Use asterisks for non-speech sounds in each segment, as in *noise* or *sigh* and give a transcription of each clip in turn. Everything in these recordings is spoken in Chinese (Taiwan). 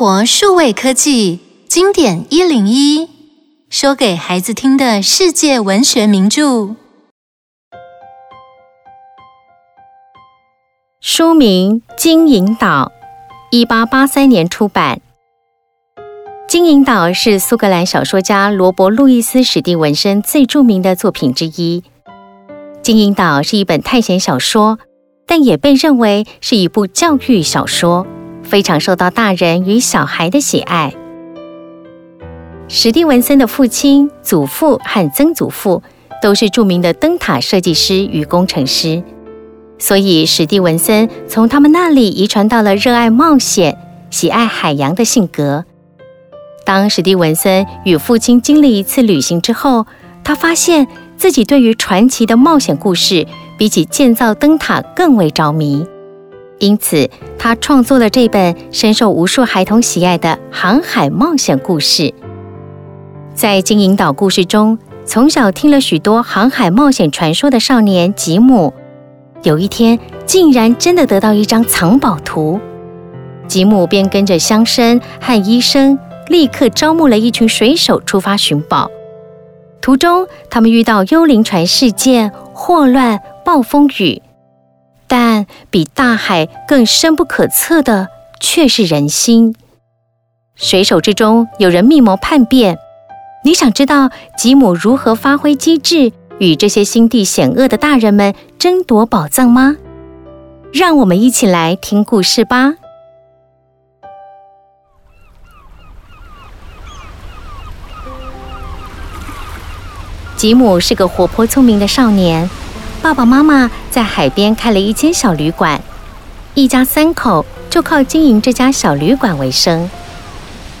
活數位科技經典一零一，說給孩子聽的世界文學名著。書名《金銀島》，一八八三年出版。《金銀島》是蘇格蘭小說家羅伯·路易斯·史蒂文森最著名的作品之一。《金銀島》是一本探險小說，但也被認為是一部教育小說。非常受到大人與小孩的喜愛。史蒂文森的父親、祖父和曾祖父都是著名的燈塔設計師與工程師，所以史蒂文森從他們那裡遺傳到了熱愛冒險、喜愛海洋的性格。當史蒂文森與父親經歷一次旅行之後，他發現自己對於傳奇的冒險故事比起建造燈塔更為着迷。因此，他創作了這本深受無數孩童喜愛的航海冒險故事。在《金銀島》故事中，從小聽了許多航海冒險傳說的少年吉姆，有一天竟然真的得到一張藏寶圖。吉姆便跟着鄉紳和醫生立刻招募了一群水手出發尋寶。途中，他們遇到幽靈船事件、霍亂、暴風雨。但比大海更深不可測的，卻是人心。水手之中有人密謀叛變，你想知道吉姆如何發揮機智，與這些心地險惡的大人們爭奪寶藏嗎？讓我們一起來聽故事吧。吉姆是個活潑聰明的少年。爸爸媽媽在海邊開了一間小旅館，一家三口就靠經營這家小旅館為生。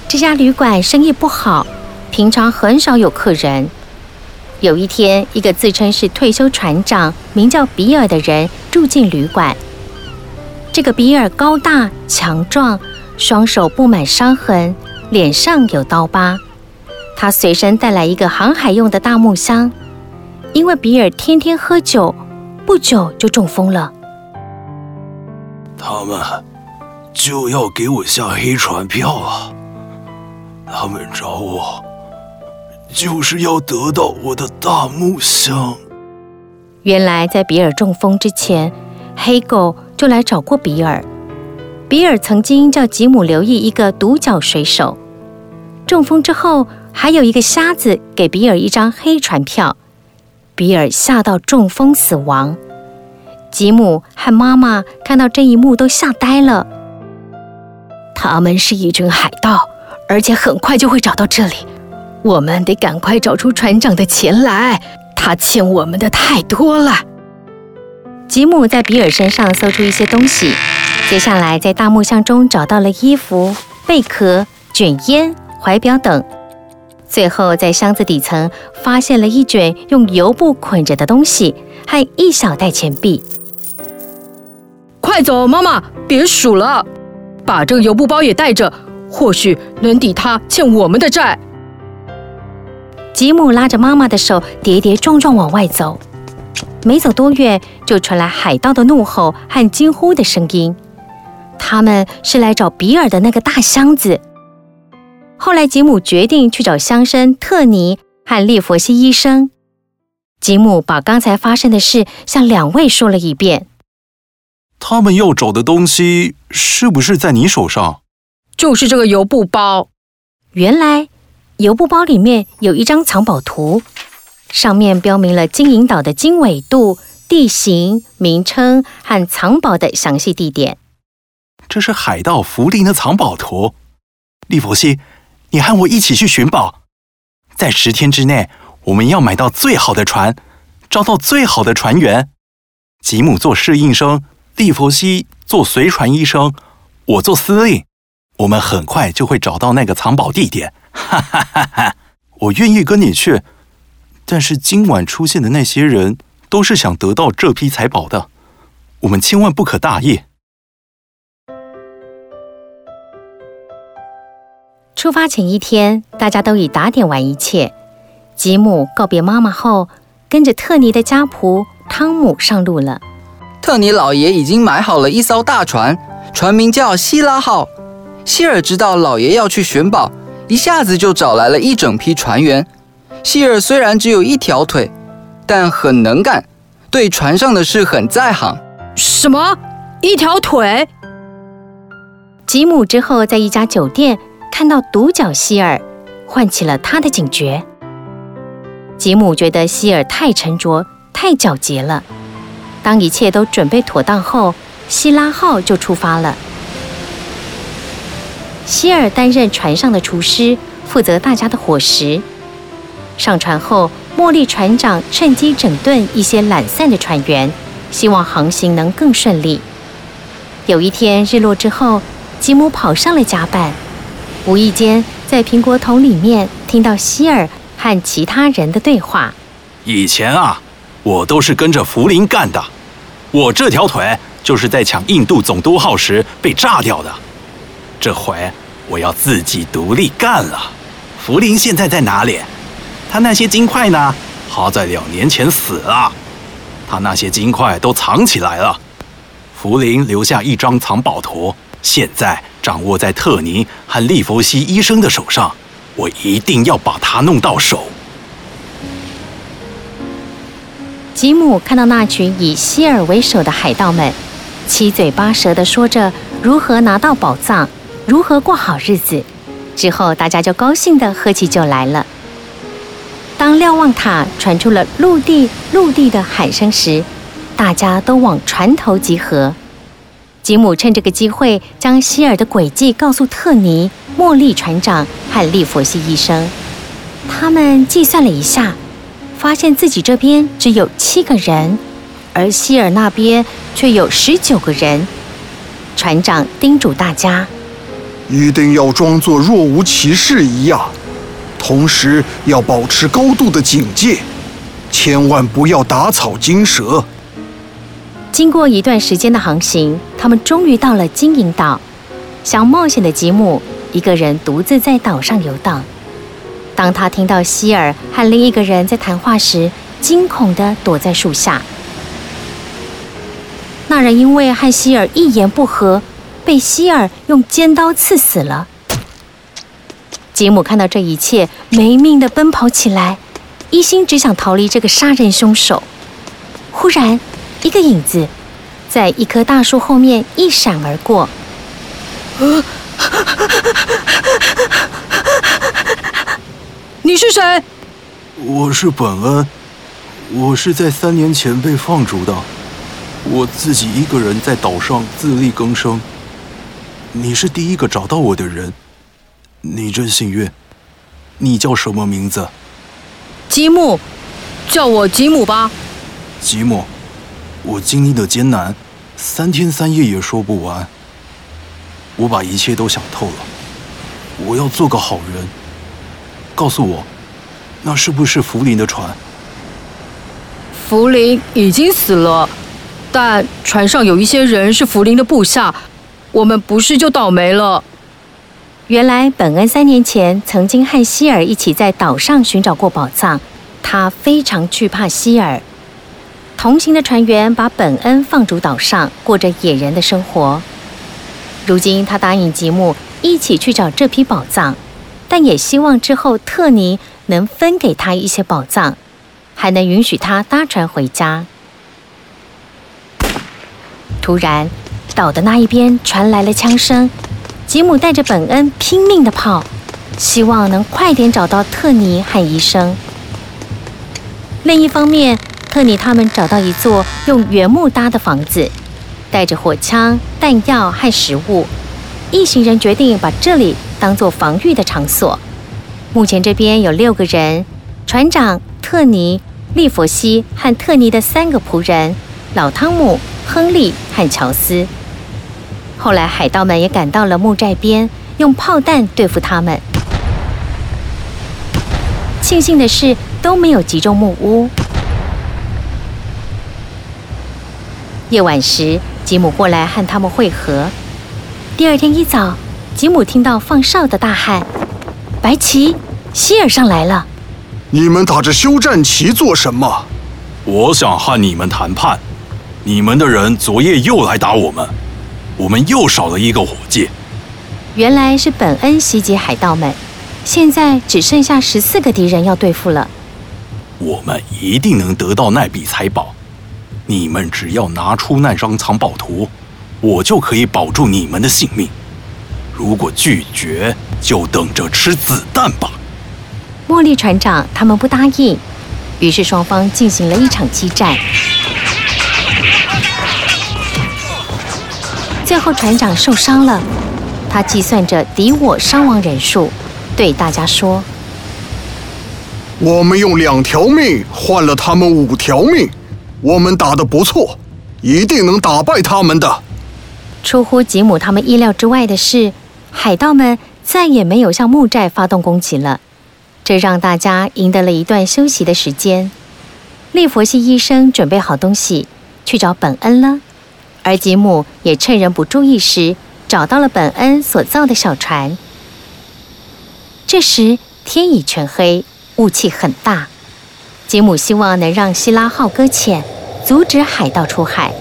這家旅館生意不好，平常很少有客人。有一天，一個自稱是退休船長、名叫比爾的人住進旅館。這個比爾高大強壯，雙手布滿傷痕，臉上有刀疤。他隨身帶來一個航海用的大木箱。因為比爾天天喝酒，不久就中風了。他們就要給我下黑船票啊！他們找我就是要得到我的大木箱。原來在比爾中風之前，黑狗就來找過比爾。比爾曾經叫吉姆留意一個獨角水手。中風之後，還有一個瞎子給比爾一張黑船票。比爾嚇到中風死亡，吉姆和媽媽看到這一幕都嚇呆了。他們是一群海盜，而且很快就會找到這裡。我們得趕快找出船長的錢來，他欠我們的太多了。吉姆在比爾身上搜出一些東西，接下來在大木箱中找到了衣服、貝殼、捲煙、懷表等。最後，在箱子底層發現了一卷用油布捆着的東西和一小袋錢幣。快走，媽媽，別數了，把這個油布包也帶着，或許能抵他欠我們的債。吉姆拉着媽媽的手，跌跌撞撞往外走。沒走多遠，就傳來海盜的怒吼和驚呼的聲音。他們是來找比爾的那個大箱子。後來，吉姆決定去找鄉紳特尼和利弗西醫生。吉姆把剛才發生的事向兩位說了一遍。他們要找的東西是不是在你手上？就是這個油布包。原來，油布包裡面有一張藏寶圖，上面標明了金銀島的經緯度、地形、名稱和藏寶的詳細地點。這是海盜福林的藏寶圖，利弗西。你和我一起去尋寶，在十天之內，我們要買到最好的船，招到最好的船員。吉姆做侍應生，利弗西做隨船醫生，我做司令。我們很快就會找到那個藏寶地點。哈哈哈哈！我願意跟你去，但是今晚出現的那些人都是想得到這批財寶的，我們千萬不可大意。出發前一天，大家都已打點完一切。吉姆告別媽媽後，跟着特尼的家僕湯姆上路了。特尼老爺已經買好了一艘大船，船名叫“希拉號”。希爾知道老爺要去尋寶，一下子就找來了一整批船員。希爾雖然只有一條腿，但很能幹，對船上的事很在行。什麼？一條腿？吉姆之後在一家酒店。看到獨角希爾，喚起了他的警覺。吉姆覺得希爾太沉着、太狡黠了。當一切都準備妥當後，希拉號就出發了。希爾擔任船上的廚師，負責大家的伙食。上船後，茉莉船長趁機整頓一些懶散的船員，希望航行能更順利。有一天日落之後，吉姆跑上了甲板。無意間在蘋果桶裡面聽到希爾和其他人的對話。以前啊，我都是跟着福林幹的，我這條腿就是在搶印度總督號時被炸掉的。這回我要自己獨立幹了。福林現在在哪裡？他那些金塊呢？他在兩年前死了，他那些金塊都藏起來了。福林留下一張藏寶圖。現在掌握在特尼和利弗西醫生的手上，我一定要把它弄到手。吉姆看到那群以希爾為首的海盜們，七嘴八舌的說着如何拿到寶藏、如何過好日子，之後大家就高興地喝起酒來了。當瞭望塔傳出了陸地、陸地的喊聲時，大家都往船頭集合。吉姆趁這個機會將希爾的詭計告訴特尼、茉莉船長和利弗西醫生。他們計算了一下，發現自己這邊只有七個人，而希爾那邊卻有十九個人。船長叮囑大家：“一定要裝作若無其事一樣，同時要保持高度的警戒，千萬不要打草驚蛇。”經過一段時間的航行，他們終於到了金銀島。想冒險的吉姆一個人獨自在島上游蕩。當他聽到希爾和另一個人在談話時，驚恐的躲在樹下。那人因為和希爾一言不合，被希爾用尖刀刺死了。吉姆看到這一切，沒命的奔跑起來，一心只想逃離這個殺人凶手。忽然，一個影子，在一棵大樹後面一閃而過。 *laughs* 你是誰？我是本恩。我是在三年前被放逐的。我自己一個人在島上自力更生。你是第一個找到我的人。你真幸運。你叫什麼名字？吉姆，叫我吉姆吧。吉姆。我經歷的艱難，三天三夜也說不完。我把一切都想透了，我要做個好人。告訴我，那是不是福林的船？福林已經死了，但船上有一些人是福林的部下，我們不是就倒霉了？原來本恩三年前曾經和希爾一起在島上尋找過寶藏，他非常懼怕希爾。同行的船員把本恩放逐島上，過着野人的生活。如今他答應吉姆一起去找這批寶藏，但也希望之後特尼能分給他一些寶藏，還能允許他搭船回家。突然，島的那一邊傳來了槍聲，吉姆帶着本恩拼命地跑，希望能快點找到特尼和醫生。另一方面，特尼他們找到一座用原木搭的房子，帶着火槍、彈藥和食物，一行人決定把這裡當做防禦的場所。目前這邊有六個人：船長特尼、利弗西和特尼的三個僕人——老湯姆、亨利和喬斯。後來海盜們也趕到了木寨邊，用炮彈對付他們。慶幸的是，都沒有擊中木屋。夜晚時，吉姆過來和他們會合。第二天一早，吉姆聽到放哨的大漢：“白旗，希爾上來了。”“你們打着休戰旗做什麼？”“我想和你們談判。”“你們的人昨夜又來打我們，我們又少了一個夥計。”“原來是本恩襲擊海盜們，現在只剩下十四個敵人要對付了。”“我們一定能得到那筆財寶。”你們只要拿出那張藏寶圖，我就可以保住你們的性命。如果拒絕，就等着吃子彈吧。茉莉船長他們不答應，於是雙方進行了一場激戰。最後船長受傷了，他計算着敵我傷亡人數，對大家說：“我們用兩條命換了他們五條命。”我們打得不錯，一定能打敗他們的。出乎吉姆他們意料之外的是，海盜們再也沒有向木寨發動攻擊了，這讓大家贏得了一段休息的時間。利弗西醫生準備好東西，去找本恩了，而吉姆也趁人不注意時找到了本恩所造的小船。這時天已全黑，霧氣很大。吉姆希望能讓希拉號擱淺，阻止海盜出海。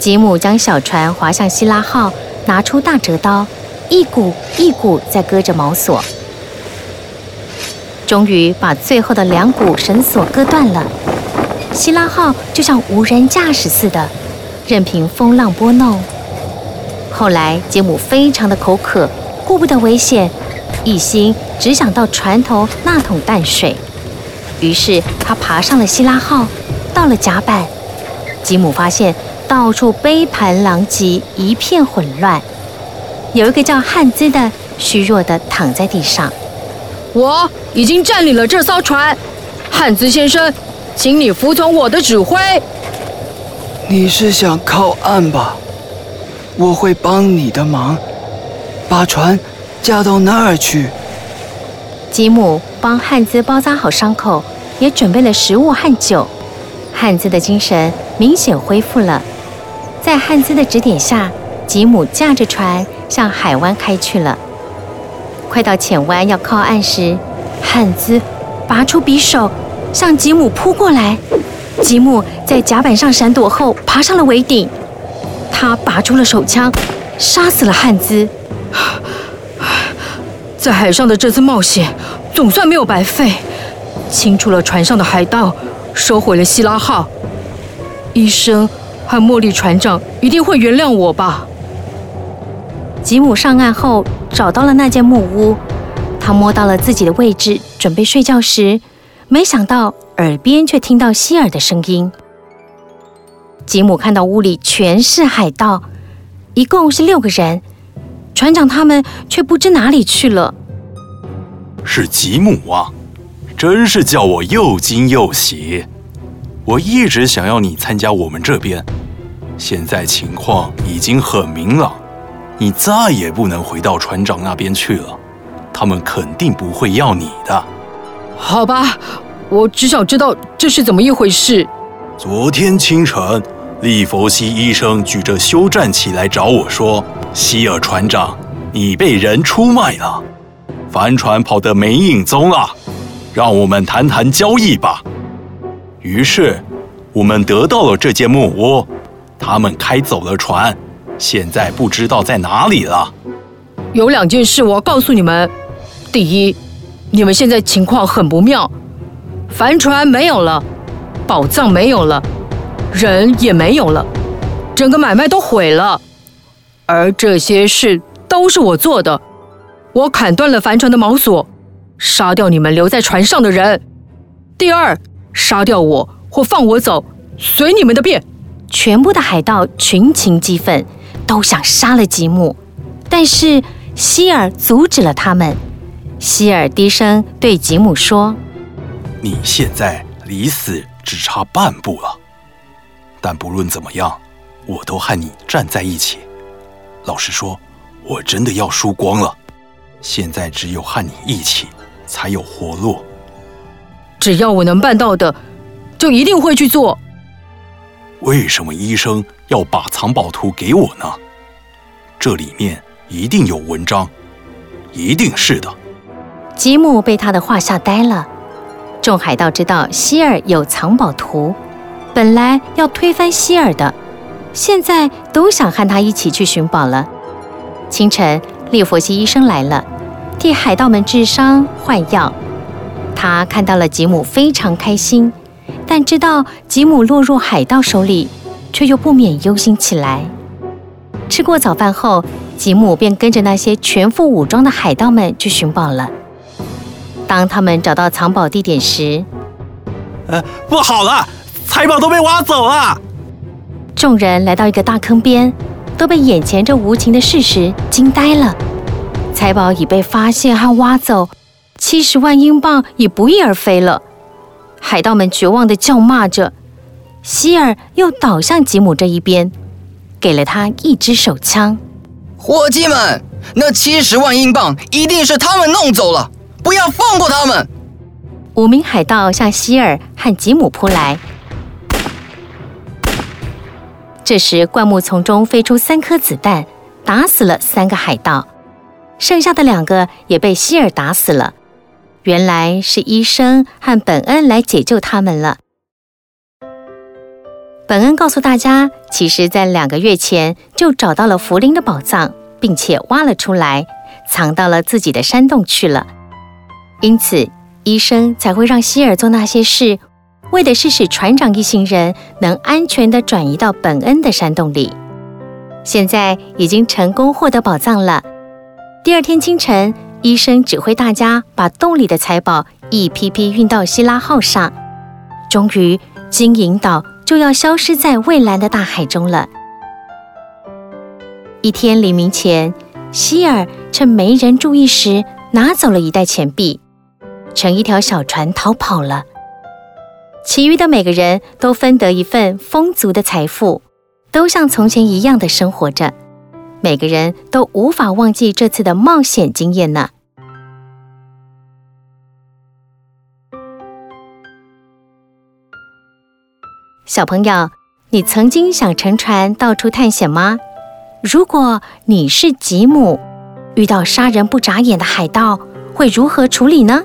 吉姆將小船划向希拉號，拿出大摺刀，一股一股在割着錨索，終於把最後的兩股繩索割斷了。希拉號就像無人駕駛似的，任憑風浪撥弄。後來，吉姆非常的口渴，顧不得危險，一心只想到船頭那桶淡水。於是他爬上了希拉號，到了甲板。吉姆發現到處杯盤狼藉，一片混亂。有一個叫漢茲的，虛弱地躺在地上。我已經占領了這艘船，漢茲先生，請你服從我的指揮。你是想靠岸吧？我會幫你的忙，把船駕到那兒去。吉姆幫漢茲包紮好傷口，也準備了食物和酒。漢茲的精神明顯恢復了。在漢茲的指點下，吉姆駕着船向海灣開去了。快到淺灣要靠岸時，漢茲拔出匕首向吉姆撲過來。吉姆在甲板上閃躲後，爬上了桅頂。他拔出了手槍，殺死了漢茲。在海上的這次冒險總算沒有白費，清除了船上的海盜，收回了希拉號。醫生和茉莉船長一定會原諒我吧？吉姆上岸後找到了那間木屋，他摸到了自己的位置，準備睡覺時，沒想到耳邊卻聽到希爾的聲音。吉姆看到屋裡全是海盜，一共是六個人。船長他們卻不知哪裡去了。是吉姆啊，真是叫我又驚又喜。我一直想要你參加我們這邊，現在情況已經很明朗，你再也不能回到船長那邊去了，他們肯定不會要你的。好吧，我只想知道這是怎麼一回事。昨天清晨。利弗西醫生舉着休戰旗來找我說：“希爾船長，你被人出賣了，帆船跑得沒影蹤了，讓我們談談交易吧。”於是，我們得到了這間木屋，他們開走了船，現在不知道在哪裡了。有兩件事我要告訴你們：第一，你們現在情況很不妙，帆船沒有了，寶藏沒有了。人也沒有了，整個買賣都毀了，而這些事都是我做的。我砍斷了帆船的錨索，殺掉你們留在船上的人。第二，殺掉我或放我走，隨你們的便。全部的海盜群情激憤，都想殺了吉姆，但是希爾阻止了他們。希爾低聲對吉姆說：“你現在離死只差半步了。”但不論怎麼樣，我都和你站在一起。老實說，我真的要輸光了。現在只有和你一起，才有活路。只要我能辦到的，就一定會去做。為什麼醫生要把藏寶圖給我呢？這裡面一定有文章，一定是的。吉姆被他的話嚇呆了。眾海盜知道希爾有藏寶圖。本來要推翻希爾的，現在都想和他一起去尋寶了。清晨，利弗西醫生來了，替海盜們治傷換藥。他看到了吉姆，非常開心，但知道吉姆落入海盜手裡，卻又不免憂心起來。吃過早飯後，吉姆便跟着那些全副武裝的海盜們去尋寶了。當他們找到藏寶地點時，呃，不好了！財寶都被挖走了，眾人來到一個大坑邊，都被眼前這無情的事實驚呆了。財寶已被發現和挖走，七十萬英鎊也不翼而飛了。海盜們絕望的叫罵着。希爾又倒向吉姆這一邊，給了他一支手槍。夥計們，那七十萬英鎊一定是他們弄走了，不要放過他們！五名海盜向希爾和吉姆撲來。這時，灌木叢中飛出三顆子彈，打死了三個海盜，剩下的兩個也被希爾打死了。原來是醫生和本恩來解救他們了。本恩告訴大家，其實在兩個月前就找到了福林的寶藏，並且挖了出來，藏到了自己的山洞去了。因此，醫生才會讓希爾做那些事。為的是使船長一行人能安全地轉移到本恩的山洞裡，現在已經成功獲得寶藏了。第二天清晨，醫生指揮大家把洞裡的財寶一批批運到希拉號上。終於，金銀島就要消失在蔚藍的大海中了。一天黎明前，希爾趁沒人注意時，拿走了一袋錢幣，乘一條小船逃跑了。其餘的每個人都分得一份豐足的財富，都像從前一樣的生活着。每個人都無法忘記這次的冒險經驗呢。小朋友，你曾經想乘船到處探險嗎？如果你是吉姆，遇到殺人不眨眼的海盜，會如何處理呢？